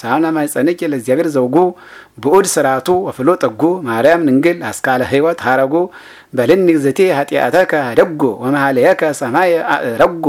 ሳምና ማይጸንቅ ለእግዚአብሔር ዘውጉ ብኡድ ስራቱ ወፍሎ ጠጉ ማርያም ንንግል አስካለ ህይወት ሀረጉ በልኒ ግዘቴ ኃጢአተከ ደጎ ወመሃለየከ ሰማይ ረጎ